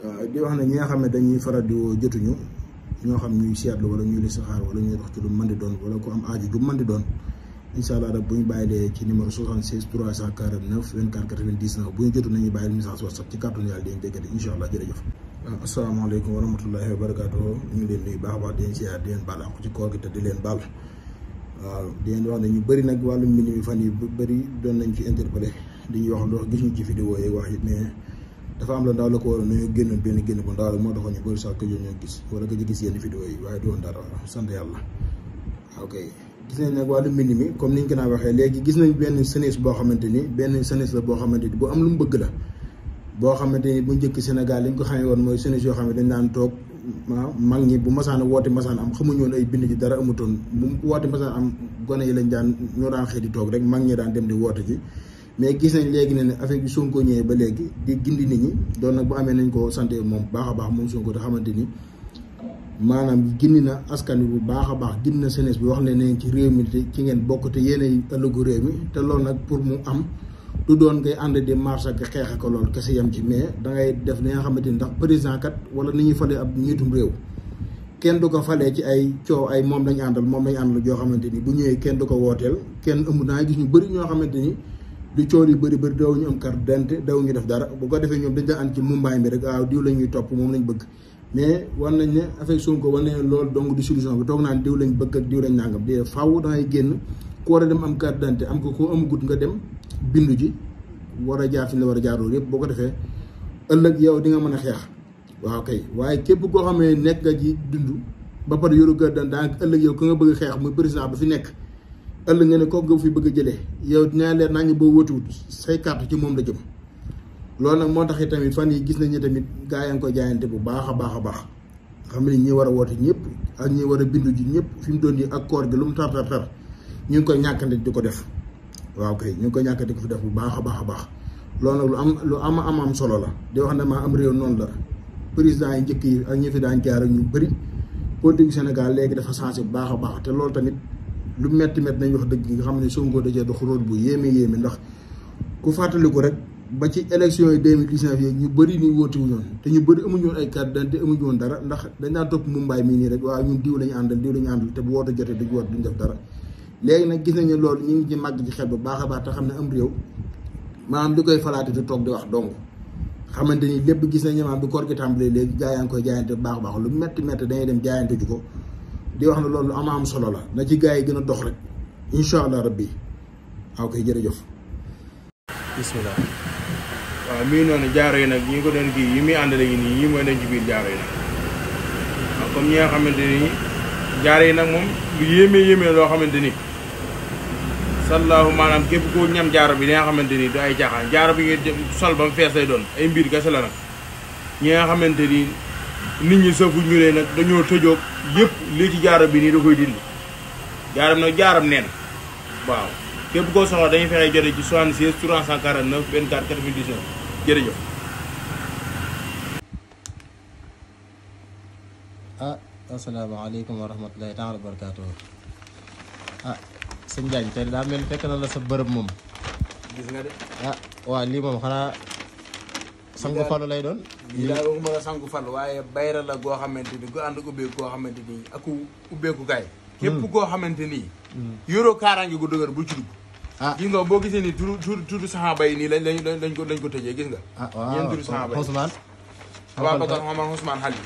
Euh, di wax ne ñi nga xam ne dañuy faral di woo jotuñu ñoo xam ñuy seetlu wala ñuy listixaar wala ñuy dox ci lu mën di doon wala ku am aaju ju mën di doon incha allah rek bu ñu bàyyilee ci numéro 76 349 24 99 bu ñu jotu nañu bàyyil message WhatsApp ci kàttanu yàlla di leen déggante incha allah jërëjëf. waaw asalaamaaleykum wa wa barakaatu ñu leen nuyu baax baax di leen baal àqu ci koor gi te di leen baal waaw di leen wax ne ñu bëri nag wàllum mbind mi fan yi bu bëri doon nañ ci interpellé di ñu wax loo gis ñu yi wax dafa am la ndaw la ko waroon nañoo génn benn génn bu ndaw la moo taxoon ñu bëri sax këjoo ñoo gis wala gis yenn vidéo yi waaye du ah, mi comme niñ ko naa waxee léegi gis nañ benn senis boo xamante ni benn senis la boo xamante ni bu am lu mu bëgg la boo xamante ni bu njëkk Sénégal liñ ko xamee woon mooy senis yoo xam ne dañ daan toog mag ñi bu masaan woote masaan am xamuñu woon ay bind ji dara amutoon bu woote masaan am gone yi lañ daan ñoo daan xëy di toog rek mag ñi daan dem di woote ji mais gis nañ léegi ne affaire bi Sonko ñëwee ba léegi di gindi nit ñi doon nag bu amee nañ koo sant moom baax a baax moom Sonko te xamante ni maanaam gindi na askan bi bu baax a baax gindi na jeunesse bi wax ne neen ci réew ci ngeen bokk te yéenay ëllëgu mi te loolu nag pour mu am du doon ngay ànd di marche ak ko loolu kese yam ci mais dangay def li nga xamante ni ndax président kat wala ni ñuy falee ab tum réew kenn du ko falee ci ay coow ay moom lañu àndal moom lañu àndal joo xamante ni bu ñëwee kenn du ko wooteel kenn ëmb naa gis ñu bëri ñoo xamante ni du coor yu bëri bëri daw ñu am carte d'identité daw ñu def dara bu ko defee ñoom dañ daan ànd ci mumbaay mi rek waaw diw la ñuy topp moom lañ bëgg mais war nañ ne affaire Sonko war nañ loolu donc bi toog naan diw lañ bëgg ak diw lañ nangam de faaw dangay génn ku war a dem am carte d'identité am ko koo amagut nga dem bindu ji war a jaar fi la war a jaar loolu yëpp boo ko defee ëllëg yow di nga mën a xeex waaw kay waaye képp koo xamee nekk nga ji dund ba pare yoru carte d'identité ëllëg yow ka nga bëgg xeex muy président ba fi nekk ëllëg nga ne kooku nga fi bëgg a jëlee yow dinaa leer naa ngi boo wóotuwut say carte ci moom la jëm loolu nag moo tax tamit fan yi gis nañu tamit gaa yaa ngi ko jaayante bu baax a baax a baax xam ne ñi war a woote ñëpp ak ñi war a bindu ji ñëpp fi mu doon yi ak koor gi lu mu tar tar tar koy ñàkkante di ko def waaw kay ñu ngi koy ñàkkante di ko def bu baax a baax a baax loolu nag lu am lu am am am solo la di wax ne maa am réew noonu la président yi njëkk yi ak ñi fi daan jaar ak ñu bëri politique Sénégal léegi dafa changé bu baax a baax te loolu tamit lu metti metti nañ wax dëgg nga xam ne Sonko da cee dox rôle bu yéeme yéeme ndax ku fàttaliku rek ba ci élection yi 2019 yeeg ñu bari nuy wóoti wuñoon te ñu bëri amuñu woon ay carte d'identité amuñu woon dara ndax dañ daan topp Mumbaay mii nii rek waaw ñun diw lañu àndal diw lañu te bu woote jotee duñ woot duñ def dara léegi nag gis nañu loolu ñu ngi ci màgg ci xel bu baax a baax te xam ne am réew maanaam li koy falaate di toog di wax donc xamante ni lépp gis nañu maanaam bi koor gi tàmbalee léegi gaa koy jaayante baax a baax lu metti metti dañuy dem jaayante ji ko di wax na loolu lu am solo la na ci gaa yi gën a dox rek incha allah rabbi aw ah, koy jërëjëf. bisimilah waaw mii noonu jaaro yi nag ñu ko doon kii yi muy àndale yi nii yi mooy dañ ci biir jaaro yi nag ñi nga xamante ni jaaro yi nag moom lu yéeme yéeme loo xamante ni sallahu maanaam képp koo ñam jaaro bi di nga xamante ni du ay caaxaan jaaro bi nga sol ba mu fees lay doon ay mbir kese la nag ñi nga xamante ni. nit ñi safu ñu ne nag dañoo tëjoog yëpp lii ci jaaro bi nii da koy dindi jaaram nag jaaram neen waaw képp koo soxla dañuy fexe jote ci 76 349 24 99 jërëjëf. ah asalaamaaleykum wa rahmatulahi taala wa barakaatu ah sëñ Diagne tey daa mel fekk na la sa bërëb moom. ah waaw lii moom xanaa. sangu falu lay don bii la ko la sangu falu waye bayra la go xamanteni ni gu ànd ubbeeku goo xamante ni ak ubbeeku kaay hmm. képp koo xamante ni hmm. yoroo kaaraange gu dëgër bu ci dug ah gis nga bo gisee ni turu turu sahaba yi ni lañ lañ ko lañ ko teje gis nga ah waaw ñeen turu saxaaba yi Ousmane Ababacar Omar Ousman Xali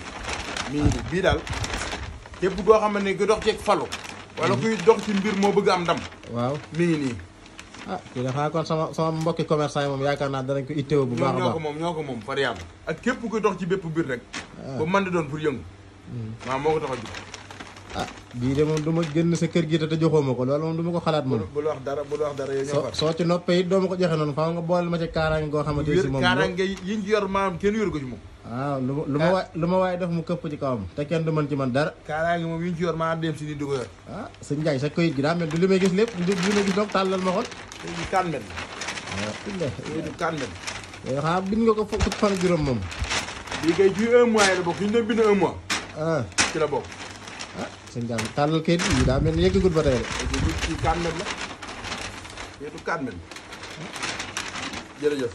mi bi dal kep go xamanteni xamante dox ci falu wala hmm. kuy dox ci mbir mo bëgg am ndam waaw mi ni ah kii dafa kon sama sama mbokki commerçant yi moom yaakaar naa danañ ko itteewu bu baax baax moom ñoo ko moom far yàlla ak képp kuy dox ci bépp biir rek ah. ba man di doon pour yëngu hmm. waaw moo ko tax a jóg ah bii de moom du ma génn sa kër gi te joxoo ma ko loolu moom du ma ko xalaat moom bul wax dara bul wax dara yow soo ci noppee it doo ma ma ci kaaraange goo xamante ni si moom kaaraange yi ñu yor maam kenn yor ko ci moom waaw ah, lu ah. waaye def mu këpp ci kawam te kenn man dara kaaraange moom yi ñu ci yor maam dem si ni du ko yor ah daa mel du li may gis lépp du li may gis donc tàllal ma xool du kan mel waaw du kan mel yow xanaa bind nga ko fukki fan juróom moom bii kay ci un mois la bokk ñu ne bind un mois ah. ci la bokk ah sëñ Dame tànnal kayit yi daa mel ni yëggagul ba tey la. kayit du 4 mètres. jërëjëf.